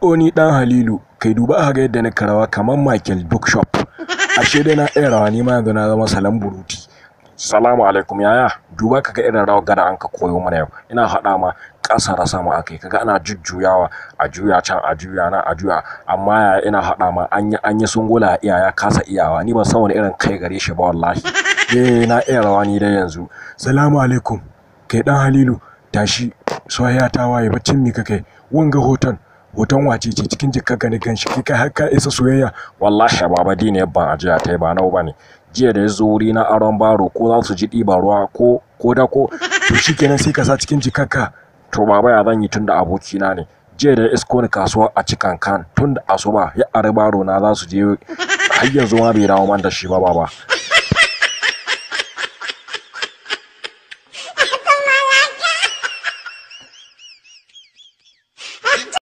Oni dan Halilu kai duba a ga yadda na karawa kamar Michael Bookshop ashe dai na iya rawa ni ma yanzu na zama salam buruti salamu alaikum yaya duba kaga irin rawar gada an ka koyo mana yau ina haɗa ma ƙasa da sama kai, kaga ana jujjuyawa a juya can a juya na a juya amma yaya ina haɗa ma an yi sungula iyaya kasa iyawa ni ba san wani irin kai gare shi ba wallahi eh na iya rawa ni dai yanzu salamu alaikum kai dan Halilu tashi soyayya ta waye baccin mi kake wanga hoton hoton wace ce cikin jikka gani ganshi shi kai har ka isa soyayya wallahi baba dini ban ajiya tai ba nau bane jiya da ya wuri na aron baro ko za su ji ɗiban ruwa ko ko da ko to shikenan sai ka sa cikin jikakka to baba ya zan yi tunda abokina ne jiya da isko ni kasuwa a cikan kan tunda asuba ya ari baro na za su je har yanzu ma bai dawo man da shi ba baba